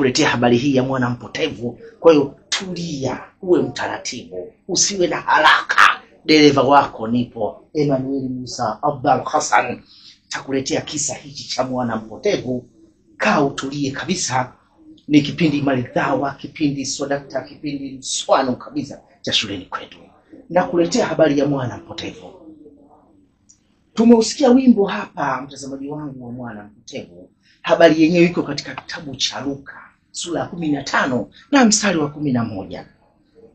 kuletea habari hii ya mwana mpotevu. Kwa hiyo tulia, uwe mtaratibu, usiwe na haraka. Dereva wako nipo, Emmanuel Musa Abdul Hassan takuletea kisa hichi cha mwana mpotevu. Kaa utulie kabisa. Ni kipindi maridhawa, kipindi swadakta, kipindi mswano kabisa cha shuleni kwetu, na kuletea habari ya mwana mpotevu. Tumeusikia wimbo hapa, mtazamaji wangu wa mwana mpotevu. Habari yenyewe iko katika kitabu cha Luka sura ya kumi na tano na mstari wa kumi na moja.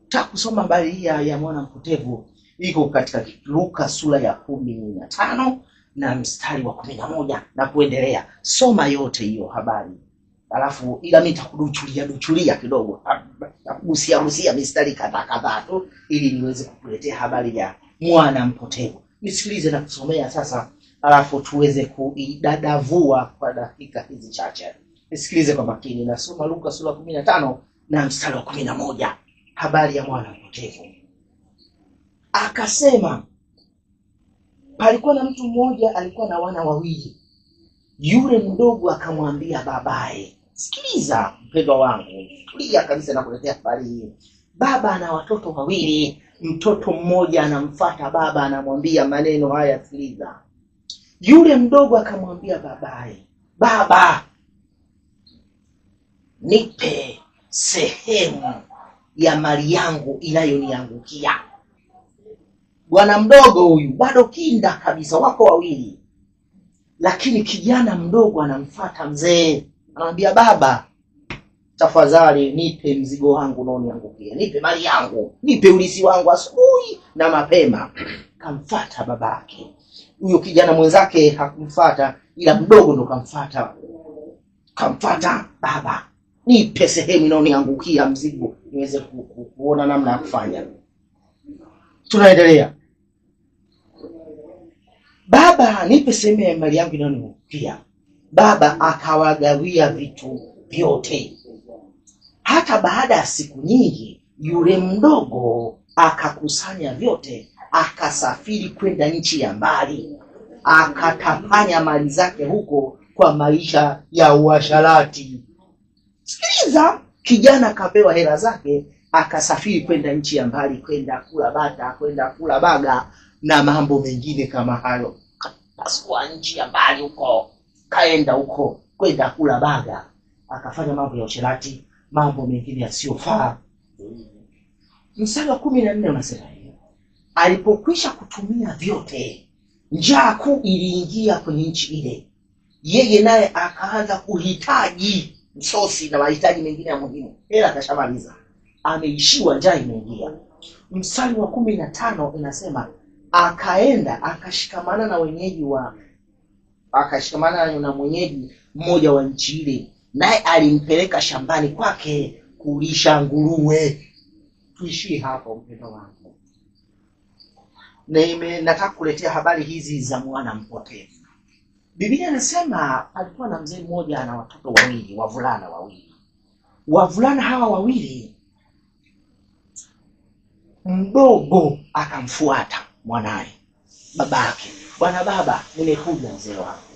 Nataka kusoma habari hii ya mwana mpotevu, iko katika Luka sura ya kumi na tano na mstari wa kumi na moja na kuendelea. Soma yote hiyo habari alafu, ila mimi nitakuduchulia duchulia kidogo, nakugusia gusia mistari kadhaa kadhaa tu, ili niweze kukuletea habari ya mwana mpotevu. Nisikilize na kusomea sasa, alafu tuweze kuidadavua kwa dakika hizi chache. Nisikilize kwa makini, nasoma Luka sura kumi na tano na mstari wa kumi na moja habari ya mwana mpotevu. Akasema, palikuwa na mtu mmoja alikuwa na wana wawili. Yule mdogo akamwambia babaye, sikiliza mpendwa wangu, tulia kabisa, nakuletea habari hii. Baba ana watoto wawili, mtoto mmoja anamfata baba, anamwambia maneno haya, sikiliza. Yule mdogo akamwambia babaye, baba nipe sehemu ya mali yangu inayoniangukia. Bwana mdogo huyu bado kinda kabisa, wako wawili, lakini kijana mdogo anamfata mzee, anamwambia baba, tafadhali nipe mzigo wangu unaoniangukia, nipe mali yangu, nipe ulisi wangu asubuhi na mapema. Kamfata babake huyo kijana mwenzake hakumfata, ila mdogo ndo kamfata, kamfata baba nipe sehemu inaoniangukia mzigo niweze ku, ku, kuona namna ya kufanya. Tunaendelea. Baba, nipe sehemu ya mali yangu inayoniangukia. Baba akawagawia vitu vyote. Hata baada ya siku nyingi, yule mdogo akakusanya vyote, akasafiri kwenda nchi ya mbali, akatafanya mali zake huko kwa maisha ya uasharati. Aidha, kijana akapewa hela zake akasafiri kwenda nchi ya mbali, kwenda kula bata, kwenda kula baga na mambo mengine kama hayo. Pasua nchi ya mbali huko, kaenda huko kwenda kula baga, akafanya mambo ya usherati, mambo mengine yasiyofaa. Mstari wa kumi na nne unasema hivi: alipokwisha kutumia vyote, njaa kuu iliingia kwenye nchi ile, yeye naye akaanza kuhitaji msosi na mahitaji mengine ya muhimu. Hela kashamaliza, ameishiwa, njaa imeingia. Mstari wa kumi na tano inasema akaenda akashikamana na wenyeji wa akashikamana na mwenyeji mmoja wa nchi ile, naye alimpeleka shambani kwake kulisha nguruwe. Tuishie hapo mpendo wangu, nataka kuletea habari hizi za mwana mpotevu Biblia anasema alikuwa na mzee mmoja na watoto wawili, wavulana wawili. Wavulana hawa wawili, mdogo akamfuata mwanaye babake, bwana baba, nimekuja mzee wangu,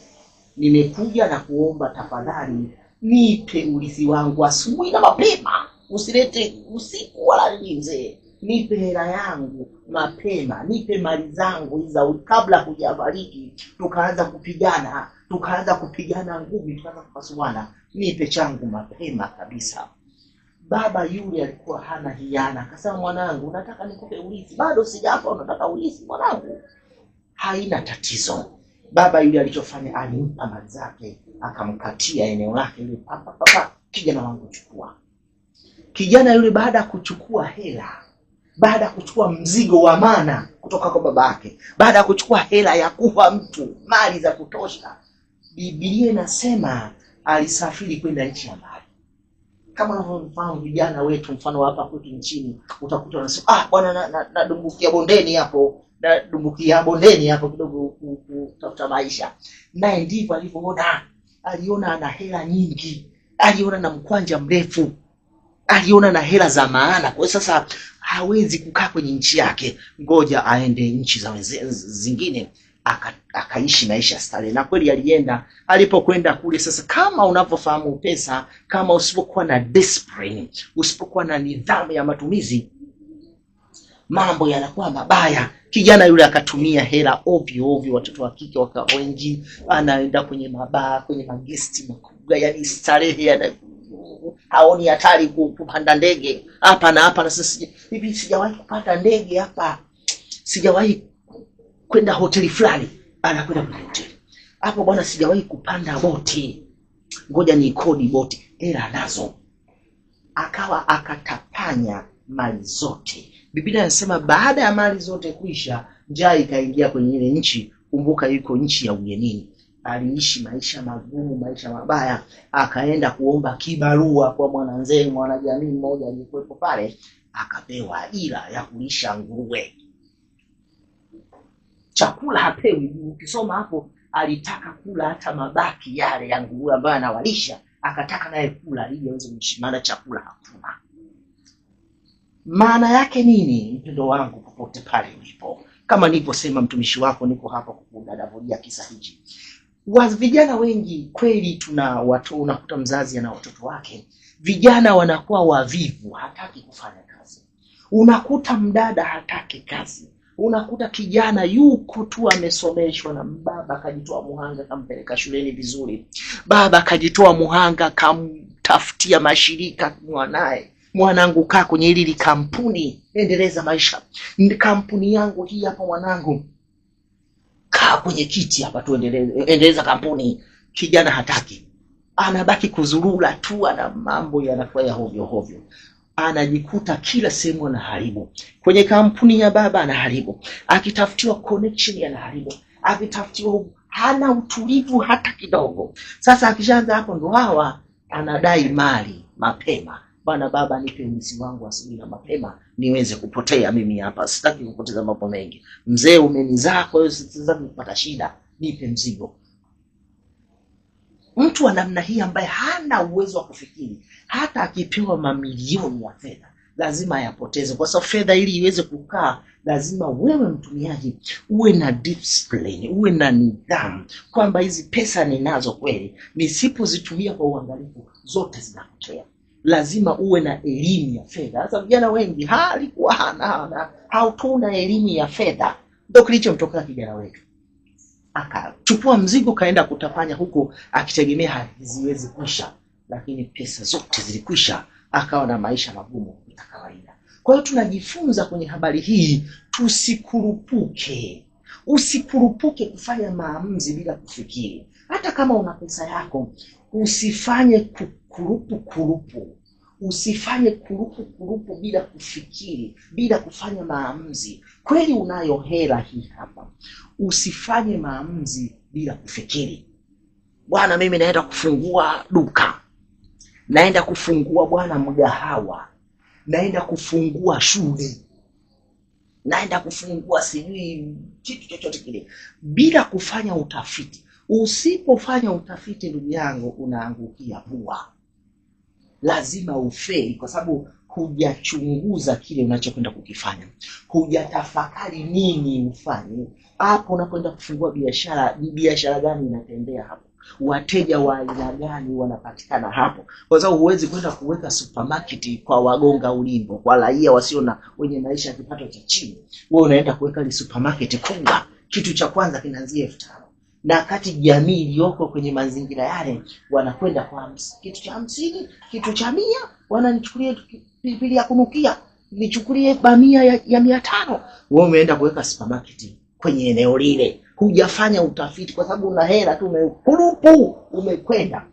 nimekuja na kuomba tafadhali nipe urithi wangu asubuhi na mapema, usilete usiku wala mzee nipe hela yangu mapema, nipe mali zangu hizo, kabla hujafariki. Tukaanza kupigana, tukaanza kupigana ngumi, tukaanza kupasuana, nipe changu mapema kabisa. Baba yule alikuwa hana hiana, akasema, mwanangu, nataka nikupe urithi, bado sijafa, unataka urithi mwanangu? Haina tatizo. Baba yule alichofanya, alimpa mali zake, akamkatia eneo lake lile, papa papa, kijana wangu, chukua. Kijana yule baada ya kuchukua hela baada ya kuchukua mzigo wa mana kutoka kwa yake, baada ya kuchukua hela ya kuwa mtu, mali za kutosha, Biblia inasema alisafiri kwenda nchi ya mbali. Kama unavyomfahamu vijana wetu, mfano hapa kwetu nchini, utakuta wanasema ah, bwana, nadumbukia na, na bondeni hapo, nadumbukia bondeni hapo kidogo kutafuta maisha. Naye ndivyo alivyoona, aliona ana hela nyingi, aliona na mkwanja mrefu aliona na hela za maana, kwa sasa hawezi kukaa kwenye nchi yake, ngoja aende nchi za zingine aka, akaishi maisha starehe. Na kweli alienda. Alipokwenda kule sasa, kama unavyofahamu pesa, kama usipokuwa na discipline, usipokuwa na nidhamu ya matumizi, mambo yanakuwa mabaya. Kijana yule akatumia hela ovyo ovyo, watoto wa kike wakawa wengi, anaenda kwenye mabaa, kwenye magesti makubwa, yani starehe haoni hatari kupanda ndege hapa na hapa. Na sisi hivi sijawahi kupanda ndege hapa, sijawahi kwenda hoteli fulani, anakwenda kwenye hoteli hapo, bwana, sijawahi kupanda boti, ngoja ni kodi boti, hela nazo. Akawa akatapanya mali zote. Biblia inasema baada ya mali zote kuisha, njaa ikaingia kwenye ile nchi. Kumbuka, yuko nchi ya ugenini aliishi maisha magumu, maisha mabaya, akaenda kuomba kibarua kwa mwananzee, mwanajamii mmoja aliyekuwepo pale, akapewa ajira ya kulisha nguruwe. Chakula hapewi. Ukisoma hapo, alitaka kula hata mabaki yale ya nguruwe ambayo anawalisha, akataka naye kula ili aweze kushimana, Chakula hakuna. Maana yake nini, mpendo wangu, popote pale ulipo, kama nilivyosema, mtumishi wako niko hapa kukudadavulia kisa hichi vijana wengi kweli tuna watu, unakuta mzazi ana watoto wake, vijana wanakuwa wavivu, hataki kufanya kazi. Unakuta mdada hataki kazi, unakuta kijana yuko tu amesomeshwa na baba, akajitoa muhanga kampeleka shuleni vizuri, baba akajitoa muhanga kamtafutia mashirika mwanaye mwanangu, kaa kwenye hili kampuni, endeleza maisha, kampuni yangu hii hapa mwanangu kaa kwenye kiti hapa tu, endeleza kampuni. Kijana hataki, anabaki kuzurura tu, ana mambo yanafanya hovyo hovyo anajikuta kila sehemu anaharibu. Kwenye kampuni ya baba anaharibu, akitafutiwa connection anaharibu, akitafutiwa, hana utulivu hata kidogo. Sasa akishaanza hapo, ndo hawa anadai mali mapema. Bwana Baba, nipe ulinzi wangu asubuhi na mapema, niweze kupotea mimi hapa, sitaki kupoteza mambo mengi. Mzee umenizaa, kwa hiyo sitaki kupata shida, nipe mzigo. Mtu wa namna hii ambaye hana uwezo wa kufikiri, hata akipewa mamilioni ya fedha lazima ayapoteze, kwa sababu fedha ili iweze kukaa, lazima wewe mtumiaji uwe na discipline, uwe na nidhamu kwamba hizi pesa ninazo kweli, nisipozitumia kwa uangalifu zote zinapotea lazima uwe na elimu ya fedha. Sasa vijana wengi halikuwa hana hana, elimu ya fedha, ndio kilichomtokea kijana wetu, akachukua mzigo kaenda kutapanya huko, akitegemea haziwezi kuisha, lakini pesa zote zilikwisha, akawa na maisha magumu ya kawaida. Kwa hiyo tunajifunza kwenye habari hii, tusikurupuke. Usikurupuke kufanya maamuzi bila kufikiri. Hata kama una pesa yako usifanye ku kurupu kurupu. Usifanye kurupu kurupu bila kufikiri, bila kufanya maamuzi. Kweli unayo hela hii hapa, usifanye maamuzi bila kufikiri. Bwana, mimi naenda kufungua duka, naenda kufungua bwana mgahawa, naenda kufungua shule, naenda kufungua sijui kitu chochote kile, bila kufanya utafiti. Usipofanya utafiti, ndugu yangu, unaangukia bua lazima ufeli, kwa sababu hujachunguza kile unachokwenda kukifanya, hujatafakari nini ufanye hapo unapoenda kufungua biashara. Ni biashara gani inatembea hapo? Wateja wa aina gani wanapatikana hapo? Kwa sababu huwezi kwenda kuweka supermarket kwa wagonga ulimbo kwa raia wasio na wenye maisha ya kipato cha chini. Wewe unaenda kuweka ni supermarket kubwa, kitu cha kwanza kinaanzia elfu tano na kati jamii iliyoko kwenye mazingira yale wanakwenda kwa kitu cha hamsini, kitu cha mia, wananichukulia pilipili ya kunukia, nichukulie bamia ya, ya mia tano. Wewe umeenda kuweka supermarket kwenye eneo lile, hujafanya utafiti, kwa sababu una hela tu, umekurupu, umekwenda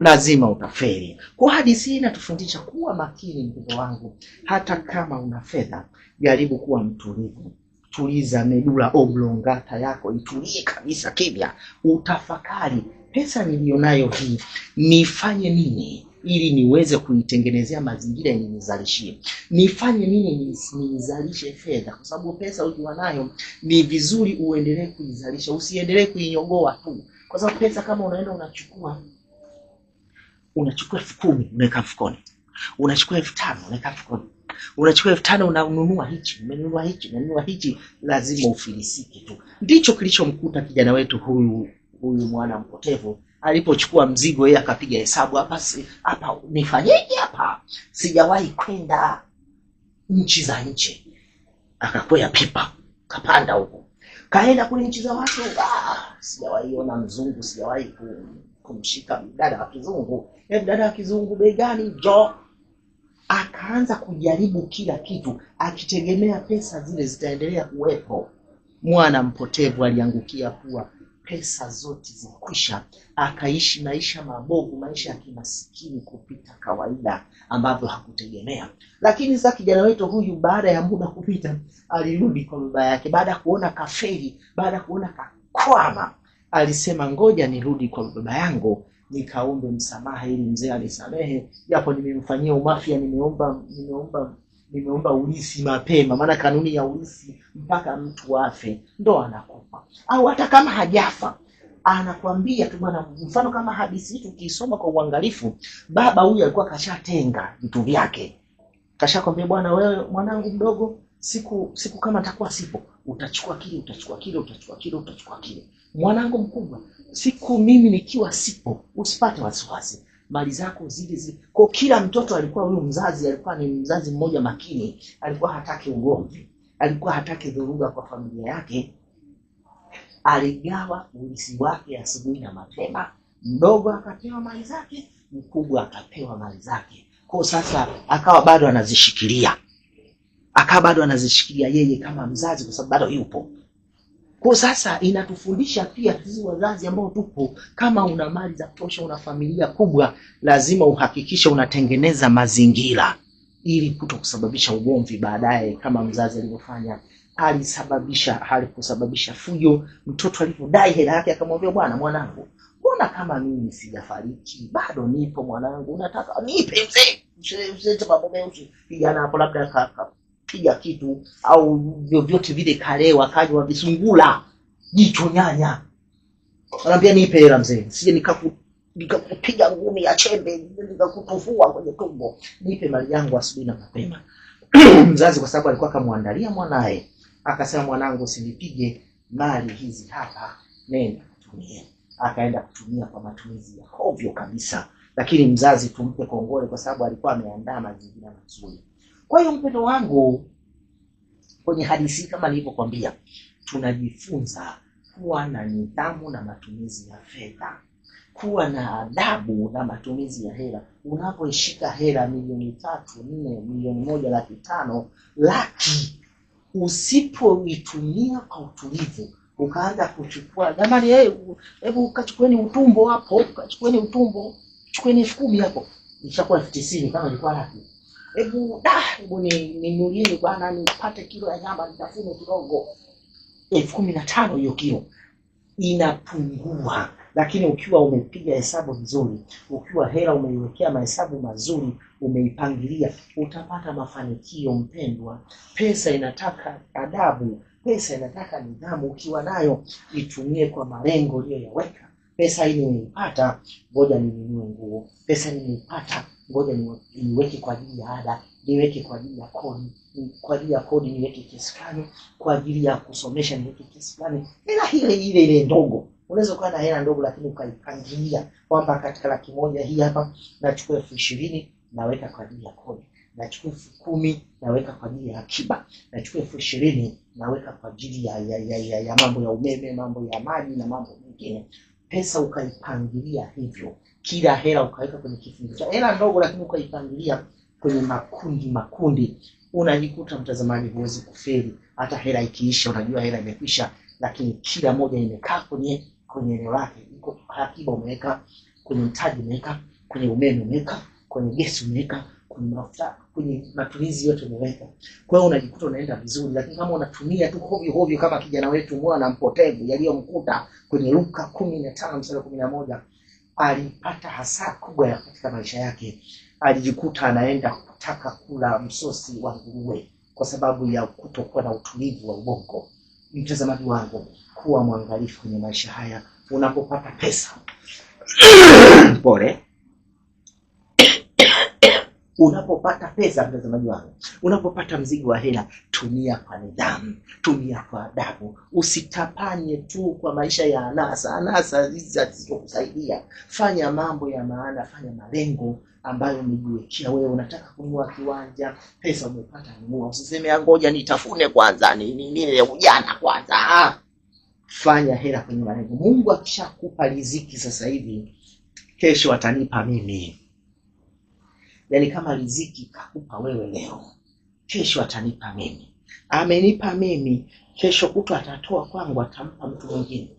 lazima utafeli. Kwa hadithi hii inatufundisha kuwa makini, mtoto wangu, hata kama una fedha, jaribu kuwa mtulivu tuliza medula oblongata yako, itulie kabisa kimya, utafakari pesa niliyonayo hii nifanye nini ili niweze kuitengenezea mazingira yenye nizalishie. Nifanye nini nizalishe fedha? Kwa sababu pesa ukiwa nayo ni vizuri uendelee kuizalisha, usiendelee kuinyogoa tu, kwa sababu pesa kama unaenda unachukua unachukua elfu kumi unaweka mfukoni, unachukua elfu tano unaweka mfukoni unachukua elfu tano unanunua hichi, umenunua hichi, unanunua hichi, lazima ufilisike tu. Ndicho kilichomkuta kijana wetu huyu huyu mwana mpotevu alipochukua mzigo, yeye akapiga hesabu, hapa si hapa nifanyeje? Hapa sijawahi kwenda nchi za nje, akakwea pipa, kapanda huko, kaenda kule nchi za watu. Ah, sijawahi ona mzungu, sijawahi kumshika dada wa kizungu. Hebu eh, Dada wa kizungu bei gani? jo akaanza kujaribu kila kitu akitegemea pesa zile zitaendelea kuwepo. Mwana mpotevu aliangukia kuwa pesa zote zikwisha, akaishi maisha mabovu, maisha ya kimasikini kupita kawaida ambavyo hakutegemea. Lakini sasa kijana wetu huyu, baada ya muda kupita, alirudi kwa baba yake, baada ya kuona kafeli, baada ya kuona kakwama, alisema ngoja nirudi kwa baba yangu nikaombe msamaha ili mzee alisamehe, japo nimemfanyia umafia, nimeomba nimeomba nimeomba ulisi mapema, maana kanuni ya ulisi mpaka mtu afe ndo anakupa, au hata kama hajafa anakuambia tu bwana. Mfano kama hadithi hii tukisoma kwa uangalifu, baba huyu alikuwa kashatenga vitu vyake, kashakwambia bwana, wewe mwanangu mdogo, siku siku kama takuwa sipo, utachukua kile, utachukua kile, utachukua kile, utachukua kile. Mwanangu mkubwa siku mimi nikiwa sipo, usipate wasiwasi, mali zako zile zile. Kwa kila mtoto alikuwa, huyu mzazi alikuwa ni mzazi mmoja makini, alikuwa hataki ugomvi, alikuwa hataki dhuruga kwa familia yake. Aligawa urithi wake asubuhi na mapema, mdogo akapewa mali zake, mkubwa akapewa mali zake. Kwa sasa akawa bado anazishikilia, akawa bado anazishikilia yeye kama mzazi, kwa sababu bado yupo kwa sasa inatufundisha pia sisi wazazi ambao tupo, kama una mali za kutosha, una familia kubwa, lazima uhakikishe unatengeneza mazingira ili kuto kusababisha ugomvi baadaye, kama mzazi alivyofanya alisababisha alikusababisha fujo. Mtoto alipodai hela yake akamwambia, bwana, mwanangu, mbona kama mimi sijafariki bado nipo mwanangu, nataka nipe mzee mzee, mzee, yana hapo labda piga kitu au vyovyote vile, kale wakaja visungula jicho nyanya, wanaambia nipe hela mzee, sije nikaku nikakupiga ngumi ya chembe nikakutufua kwenye tumbo, nipe mali yangu asubuhi na mapema. Mzazi kwa sababu alikuwa akamwandalia mwanaye akasema, mwanangu, usinipige mali hizi hapa, nenda kutumia. Akaenda kutumia kwa matumizi ya hovyo kabisa, lakini mzazi tumpe kongole kwa sababu alikuwa ameandaa mazingira mazuri. Kwa hiyo mpendo wangu, kwenye hadithi kama nilivyokwambia, tunajifunza kuwa na nidhamu na matumizi ya fedha, kuwa na adabu na matumizi ya hela. Unapoishika hela milioni tatu, nne, milioni moja, laki tano, laki, usipoitumia kwa utulivu ukaanza kuchukua jamani, eh, hebu ukachukueni utumbo hapo, ukachukueni utumbo, chukueni elfu kumi hapo, ishakuwa elfu tisini kama ilikuwa laki hebu ah, hebu ninulieni bwana, nipate kilo ya nyama nitafune kidogo. elfu kumi na tano hiyo kilo inapungua, lakini ukiwa umepiga hesabu vizuri, ukiwa hela umeiwekea mahesabu mazuri, umeipangilia, utapata mafanikio. Mpendwa, pesa inataka adabu, pesa inataka nidhamu. Ukiwa nayo itumie kwa malengo uliyoyaweka. Pesa hii nimeipata, ngoja ninunue nguo. Pesa nimeipata ngoja niweke kwa ajili ya ada, niweke kwa ajili ya kodi, kwa ajili ya kodi niweke kiasi fulani, kwa ajili ya kusomesha niweke kiasi fulani. Hela ile ile ile ndogo, unaweza kuwa na hela ndogo, lakini ukaipangilia kwamba katika laki moja hii hapa nachukua elfu ishirini naweka kwa ajili ya kodi, nachukua elfu kumi naweka kwa ajili ya akiba, nachukua elfu ishirini naweka kwa ajili ya, ya, ya, ya, ya mambo ya umeme, mambo ya maji na mambo mengine. Pesa ukaipangilia hivyo kila hela ukaweka kwenye kifungu cha hela ndogo, lakini ukaipangilia kwenye makundi makundi, unajikuta mtazamaji, huwezi kufeli. Hata hela ikiisha, unajua hela imekwisha, lakini kila moja imekaa kwenye kwenye eneo lake. Iko akiba umeweka kwenye mtaji, umeweka kwenye umeme, umeweka kwenye gesi, umeweka kwenye mafuta, kwenye matumizi yote umeweka. Kwa hiyo unajikuta unaenda vizuri, lakini kama unatumia tu hovyo hovyo, kama kijana wetu mwana mpotevu yaliyomkuta kwenye Luka kumi na tano mstari kumi na moja alipata hasara kubwa ya katika maisha yake. Alijikuta anaenda kutaka kula msosi wa nguruwe kwa sababu ya kutokuwa na utulivu wa ubongo. Mtazamaji wangu, kuwa mwangalifu kwenye maisha haya unapopata pesa pole Unapopata pesa, mtazamaji wangu, unapopata mzigo wa hela, tumia kwa nidhamu, tumia kwa adabu, usitapanye tu kwa maisha ya anasa anasa hizi zisizokusaidia. Fanya mambo ya maana, fanya malengo ambayo umejiwekea wewe. Unataka kununua kiwanja, pesa umepata, nunua. Usiseme ah, ngoja nitafune kwanza, nini nile ujana kwanza. Ah, fanya hela kwenye malengo. Mungu akishakupa riziki sasa hivi, kesho atanipa mimi Yani kama riziki kakupa wewe leo, kesho atanipa mimi. Amenipa mimi, kesho kutu atatoa kwangu, atampa mtu mwingine.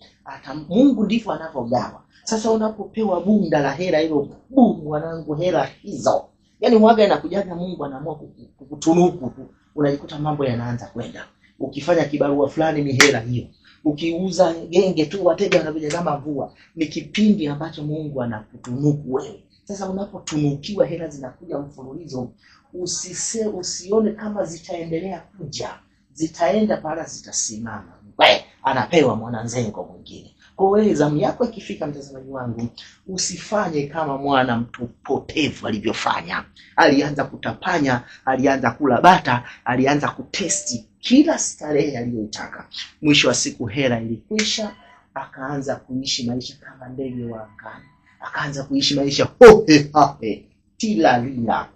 Mungu ndivyo anavyogawa. Sasa unapopewa bunda la hela hilo, bum, wanangu, hela hizo yani waga inakujaga, Mungu anaamua kukutunuku unajikuta mambo yanaanza kwenda. Ukifanya kibarua fulani, ni hela hiyo. Ukiuza genge tu, wateja wanakuja kama mvua. Ni kipindi ambacho Mungu anakutunuku wewe. Sasa unapotunukiwa hela zinakuja mfululizo, usise usione kama zitaendelea kuja, zitaenda bara zitasimama. We, anapewa mwananzengo mwingine. Kwa wewe zamu yako ikifika, mtazamaji wangu, usifanye kama mwana mtu potevu alivyofanya. Alianza kutapanya, alianza kula bata, alianza kutesti kila starehe aliyoitaka. Mwisho wa siku hela ilikwisha, akaanza kuishi maisha kama ndege wa angani akaanza kuishi maisha hohe hahe, tila lila,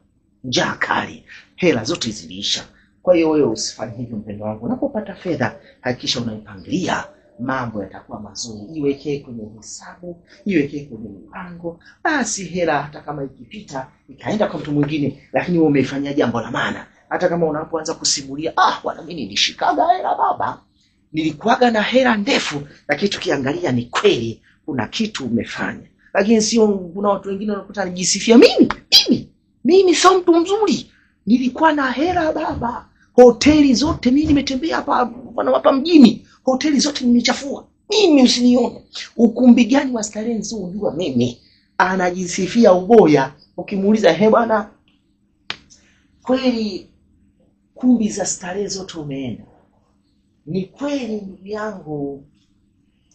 njaa kali, hela zote ziliisha. Kwa hiyo wewe usifanye hivyo, mpendo wangu. Unapopata fedha, hakikisha unaipangilia mambo yatakuwa mazuri, iwekee kwenye hesabu, iwekee kwenye mpango. Basi hela hata kama ikipita ikaenda kwa mtu mwingine, lakini wewe umeifanyia jambo la maana. Hata kama unapoanza kusimulia, ah, bwana, mimi nilishikaga hela baba, nilikuaga na hela ndefu, lakini tukiangalia ni kweli kuna kitu umefanya lakini sio, kuna watu wengine wanakuta anajisifia, mimi mimi mimi sio mtu mzuri, nilikuwa na hela baba, hoteli zote mimi nimetembea hapa hapa mjini, hoteli zote nimechafua mimi, usinione. Ukumbi gani wa starehe nisiojua mimi? Anajisifia uboya. Ukimuuliza, he bwana, kweli kumbi za starehe zote umeenda? Ni kweli ndugu yangu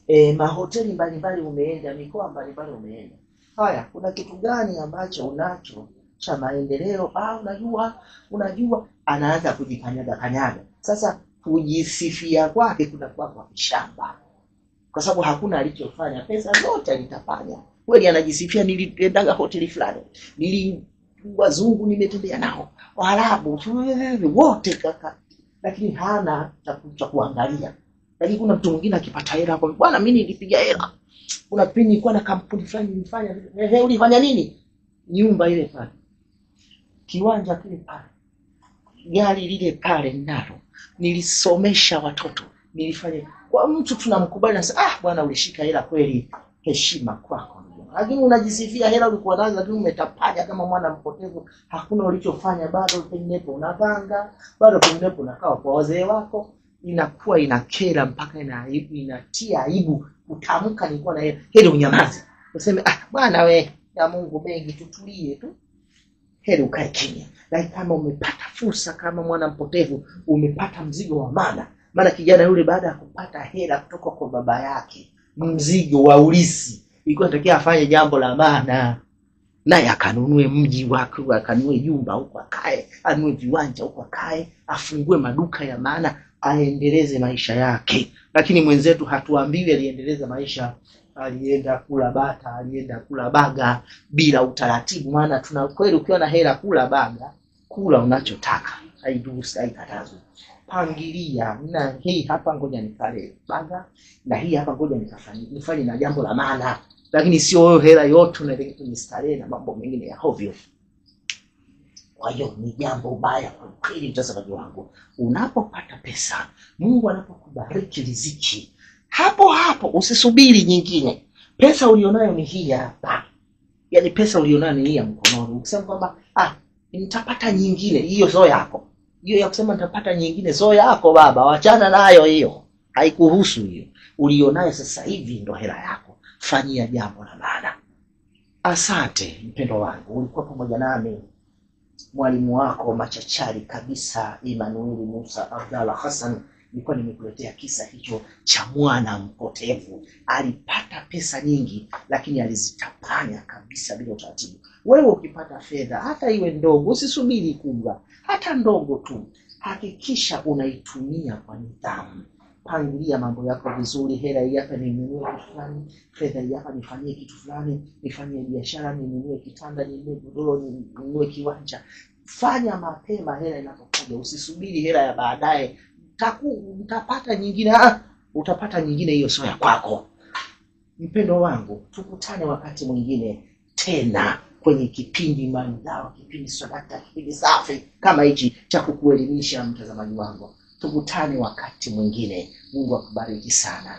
e, mahoteli mbalimbali umeenda, mikoa mbalimbali umeenda. Haya, kuna kitu gani ambacho unacho cha maendeleo? Ah, unajua unajua, anaanza kujikanyaga kanyaga. Sasa kujisifia kwake kunakuwa kwa kishamba, kwa sababu hakuna alichofanya, pesa zote alitafanya. Kweli anajisifia, niliendaga hoteli fulani, nili wazungu nimetembea nao, Waarabu eh, wote kaka, lakini hana cha kuangalia lakini kuna mtu mwingine akipata hela kwa bwana, mimi nilipiga hela, kuna pini kwa na kampuni fulani nilifanya. Ehe, ulifanya nini? Nyumba ile pale, kiwanja kile pale, gari lile pale ninalo, nilisomesha watoto, nilifanya kwa mtu tunamkubali, na ah, bwana ulishika hela kweli, heshima kwako. Lakini unajisifia hela ulikuwa nazo, lakini umetapanya kama mwana mpotevu. Hakuna ulichofanya bado, penginepo unapanga bado, penginepo unakaa kwa wazee wako inakuwa inakera mpaka ina, inatia aibu kutamka. Nilikuwa na heri unyamaze, useme ah, bwana we na Mungu mengi, tutulie tu, heri ukae chini Lakini kama umepata fursa, kama mwana mpotevu umepata mzigo wa mana maana kijana yule baada ya kupata hela kutoka kwa baba yake, mzigo wa ulisi, ilikuwa inatakiwa afanye jambo la maana naye akanunue mji wake, akanunue jumba huko akae, anunue viwanja huko akae, afungue maduka ya maana, aendeleze maisha yake. Lakini mwenzetu hatuambiwi aliendeleza maisha, alienda kula bata, alienda kula baga bila utaratibu. Maana tuna kweli, ukiwa na hela kula baga, kula unachotaka, haidurusi, haikatazwi. Pangilia na hii hapa, ngoja nikale baga, na hii hapa, ngoja nikafanye nifanye na jambo la maana lakini sio wewe hela yote unaelekea kwenye starehe na mambo mengine ya hovyo. Kwa hiyo ni jambo baya kwa kweli, mtazamaji wangu. Unapopata pesa, Mungu anapokubariki riziki, hapo hapo usisubiri nyingine. Pesa ulionayo ni hii hapa, yaani pesa ulionayo ni hii ya mkononi. Ukisema kwamba ah, nitapata nyingine, hiyo sio yako hiyo ya kusema nitapata nyingine, sio yako baba, wachana nayo hiyo, haikuhusu hiyo. Ulionayo sasa hivi ndo hela yako fanyia jambo la maana. Asante mpendo wangu, ulikuwa pamoja nami mwalimu wako machachari kabisa Emmanuel Musa Abdalla Hassan. Nilikuwa nimekuletea kisa hicho cha mwana mpotevu, alipata pesa nyingi, lakini alizitapanya kabisa bila utaratibu. Wewe ukipata fedha, hata iwe ndogo, usisubiri kubwa, hata ndogo tu, hakikisha unaitumia kwa nidhamu pangilia mambo yako vizuri. Hela hii hapa ninunue kitu fulani, fedha hii hapa nifanyie kitu fulani, nifanyie biashara, ninunue kitanda, ninunue godoro, ninunue kiwanja. Fanya mapema hela inapokuja, usisubiri hela ya baadaye. Utapata nyingine, ah, utapata nyingine, hiyo sio ya kwako. Mpendo wangu, tukutane wakati mwingine tena kwenye kipindi maridhawa, kipindi sadaka, kipindi safi kama hichi cha kukuelimisha mtazamaji wangu tukutane wakati mwingine. Mungu akubariki sana.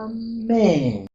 Amen.